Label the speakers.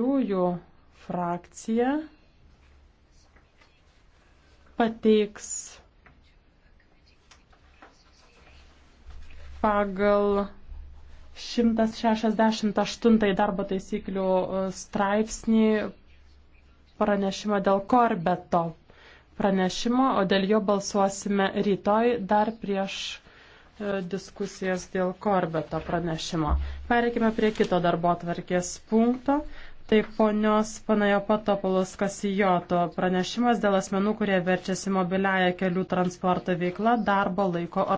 Speaker 1: Žaliųjų frakcija pateiks pagal 168 darbo taisyklių e, straipsnį pranešimą dėl Korbeto pranešimo, o dėl jo balsuosime rytoj dar prieš e, diskusijas dėl Korbeto pranešimo. Pereikime prie kito darbo tvarkės punkto. Tai ponios Panajopotopolos Kasijoto pranešimas dėl asmenų, kurie verčiasi mobiliaja kelių transporto veikla darbo laiko